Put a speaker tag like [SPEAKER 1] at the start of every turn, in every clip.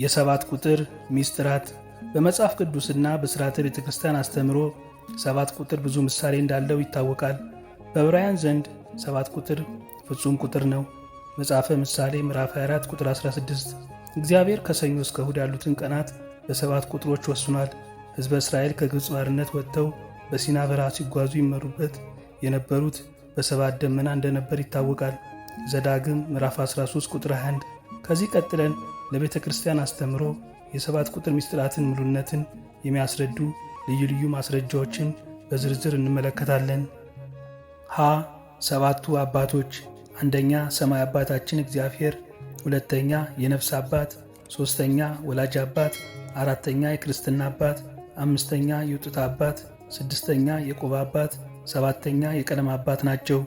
[SPEAKER 1] የሰባት ቁጥር ሚስጥራት በመጽሐፍ ቅዱስና በሥርዓተ ቤተ ክርስቲያን አስተምሮ ሰባት ቁጥር ብዙ ምሳሌ እንዳለው ይታወቃል። በዕብራውያን ዘንድ ሰባት ቁጥር ፍጹም ቁጥር ነው። መጽሐፈ ምሳሌ ምዕራፍ 24 ቁጥር 16 እግዚአብሔር ከሰኞ እስከ እሁድ ያሉትን ቀናት በሰባት ቁጥሮች ወስኗል። ሕዝበ እስራኤል ከግብፅ ባርነት ወጥተው በሲና በረሃ ሲጓዙ ይመሩበት የነበሩት በሰባት ደመና እንደነበር ይታወቃል። ዘዳግም ምዕራፍ 13 ቁጥር 21 ከዚህ ቀጥለን ለቤተ ክርስቲያን አስተምሮ የሰባት ቁጥር ምስጢራትን ሙሉነትን የሚያስረዱ ልዩ ልዩ ማስረጃዎችን በዝርዝር እንመለከታለን። ሀ ሰባቱ አባቶች አንደኛ ሰማይ አባታችን እግዚአብሔር፣ ሁለተኛ የነፍስ አባት፣ ሦስተኛ ወላጅ አባት፣ አራተኛ የክርስትና አባት፣ አምስተኛ የውጥታ አባት፣ ስድስተኛ የቆባ አባት፣ ሰባተኛ የቀለም አባት ናቸው።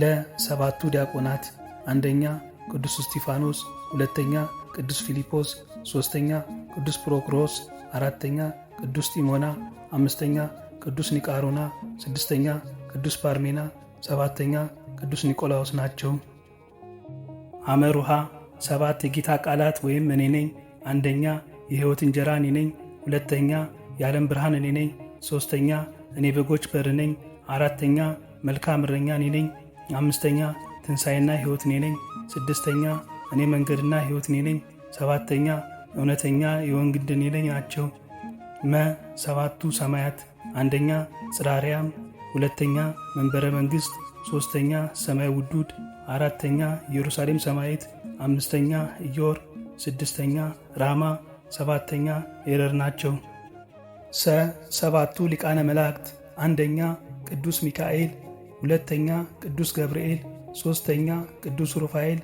[SPEAKER 1] ለሰባቱ ዲያቆናት አንደኛ ቅዱስ እስጢፋኖስ፣ ሁለተኛ ቅዱስ ፊልጶስ፣ ሦስተኛ ቅዱስ ፕሮክሮስ፣ አራተኛ ቅዱስ ጢሞና፣ አምስተኛ ቅዱስ ኒቃሮና፣ ስድስተኛ ቅዱስ ፓርሜና፣ ሰባተኛ ቅዱስ ኒቆላዎስ ናቸው። አመሩሃ ሰባት የጌታ ቃላት ወይም እኔ ነኝ። አንደኛ የሕይወት እንጀራ እኔ ነኝ። ሁለተኛ የዓለም ብርሃን እኔ ነኝ። ሦስተኛ እኔ በጎች በር ነኝ። አራተኛ መልካም እረኛ እኔ ነኝ። አምስተኛ ትንሣኤና ሕይወት እኔ ነኝ። ስድስተኛ እኔ መንገድና ሕይወት እኔ ነኝ። ሰባተኛ እውነተኛ የወንግድ እኔ ነኝ ናቸው። መ ሰባቱ ሰማያት አንደኛ ጽራርያም፣ ሁለተኛ መንበረ መንግሥት፣ ሦስተኛ ሰማይ ውዱድ፣ አራተኛ ኢየሩሳሌም ሰማይት፣ አምስተኛ ኢዮር፣ ስድስተኛ ራማ፣ ሰባተኛ ኤረር ናቸው። ሰ ሰባቱ ሊቃነ መላእክት አንደኛ ቅዱስ ሚካኤል፣ ሁለተኛ ቅዱስ ገብርኤል ሦስተኛ ቅዱስ ሩፋኤል፣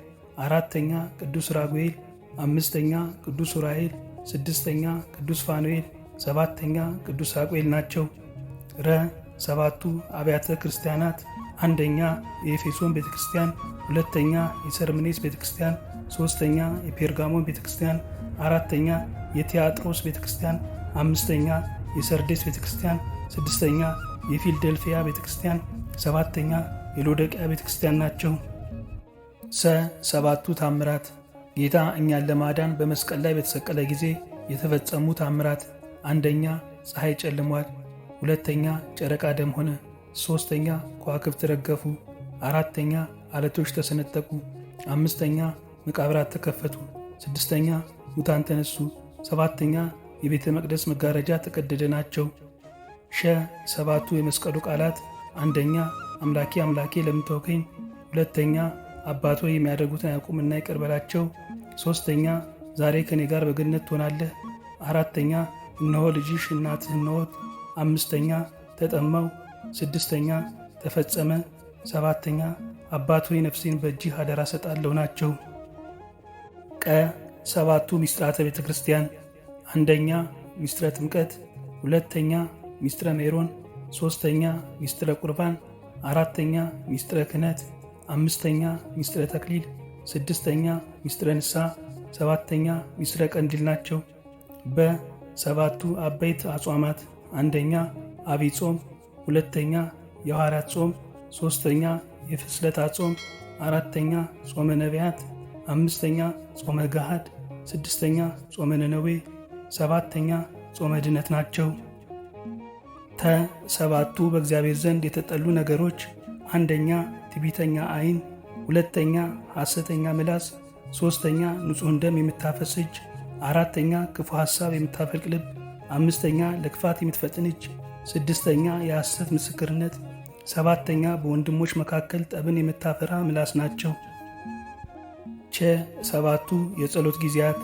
[SPEAKER 1] አራተኛ ቅዱስ ራጉኤል፣ አምስተኛ ቅዱስ ኡራኤል፣ ስድስተኛ ቅዱስ ፋኑኤል፣ ሰባተኛ ቅዱስ አቁኤል ናቸው። ረ ሰባቱ አብያተ ክርስቲያናት አንደኛ የኤፌሶን ቤተ ክርስቲያን፣ ሁለተኛ የሰርምኔስ ቤተ ክርስቲያን፣ ሦስተኛ የፔርጋሞን ቤተ ክርስቲያን፣ አራተኛ የቲያጥሮስ ቤተ ክርስቲያን፣ አምስተኛ የሰርዴስ ቤተ ክርስቲያን፣ ስድስተኛ የፊልደልፊያ ቤተ ክርስቲያን፣ ሰባተኛ የሎደቂያ ቤተ ክርስቲያን ናቸው። ሰ ሰባቱ ታምራት ጌታ እኛን ለማዳን በመስቀል ላይ በተሰቀለ ጊዜ የተፈጸሙ ታምራት፣ አንደኛ ፀሐይ ጨልሟል፣ ሁለተኛ ጨረቃ ደም ሆነ፣ ሦስተኛ ከዋክብት ረገፉ፣ አራተኛ አለቶች ተሰነጠቁ፣ አምስተኛ መቃብራት ተከፈቱ፣ ስድስተኛ ሙታን ተነሱ፣ ሰባተኛ የቤተ መቅደስ መጋረጃ ተቀደደ ናቸው። ሸ ሰባቱ የመስቀሉ ቃላት አንደኛ አምላኬ አምላኬ ለምን ተውከኝ፣ ሁለተኛ አባት ሆይ የሚያደርጉትን አያውቁምና ይቅር በላቸው፣ ሦስተኛ ዛሬ ከእኔ ጋር በገነት ትሆናለህ፣ አራተኛ እነሆ ልጅሽ እናትህ ነዎት፣ አምስተኛ ተጠማው፣ ስድስተኛ ተፈጸመ፣ ሰባተኛ አባት ሆይ ነፍሴን በእጅህ አደራ ሰጣለሁ ናቸው። ቀ ሰባቱ ሚስጥራተ ቤተ ክርስቲያን አንደኛ ሚስጥረ ጥምቀት፣ ሁለተኛ ሚስጥረ ሜሮን፣ ሦስተኛ ሚስጥረ ቁርባን አራተኛ ሚስጥረ ክህነት፣ አምስተኛ ሚስጥረ ተክሊል፣ ስድስተኛ ሚስጥረ ንስሐ፣ ሰባተኛ ሚስጥረ ቀንዲል ናቸው። በሰባቱ አበይት አጽዋማት አንደኛ አብይ ጾም፣ ሁለተኛ የሐዋርያት ጾም፣ ሦስተኛ የፍስለታ ጾም፣ አራተኛ ጾመ ነቢያት፣ አምስተኛ ጾመ ገሃድ፣ ስድስተኛ ጾመ ነነዌ፣ ሰባተኛ ጾመ ድነት ናቸው። ሰባቱ በእግዚአብሔር ዘንድ የተጠሉ ነገሮች አንደኛ ትቢተኛ ዓይን፣ ሁለተኛ ሐሰተኛ ምላስ፣ ሦስተኛ ንጹሕን ደም የምታፈስ እጅ፣ አራተኛ ክፉ ሐሳብ የምታፈልቅ ልብ፣ አምስተኛ ለክፋት የምትፈጥን እጅ፣ ስድስተኛ የሐሰት ምስክርነት፣ ሰባተኛ በወንድሞች መካከል ጠብን የምታፈራ ምላስ ናቸው። ቸ ሰባቱ የጸሎት ጊዜያት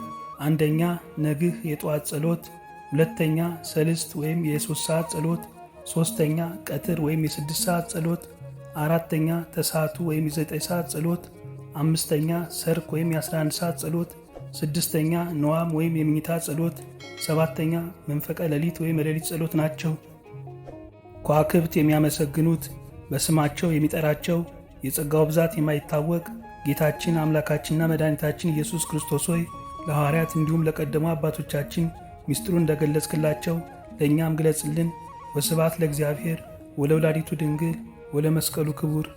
[SPEAKER 1] አንደኛ ነግህ የጠዋት ጸሎት ሁለተኛ ሰልስት ወይም የሶስት ሰዓት ጸሎት፣ ሶስተኛ ቀትር ወይም የስድስት ሰዓት ጸሎት፣ አራተኛ ተሳቱ ወይም የዘጠኝ ሰዓት ጸሎት፣ አምስተኛ ሰርክ ወይም የ11 ሰዓት ጸሎት፣ ስድስተኛ ነዋም ወይም የምኝታ ጸሎት፣ ሰባተኛ መንፈቀ ሌሊት ወይም የሌሊት ጸሎት ናቸው። ከዋክብት የሚያመሰግኑት በስማቸው የሚጠራቸው የጸጋው ብዛት የማይታወቅ ጌታችን አምላካችንና መድኃኒታችን ኢየሱስ ክርስቶስ ሆይ ለሐዋርያት እንዲሁም ለቀደሙ አባቶቻችን ሚስጥሩ እንደገለጽክላቸው ለእኛም ግለጽልን። ወስብሐት ለእግዚአብሔር ወለወላዲቱ ድንግል ወለመስቀሉ ክቡር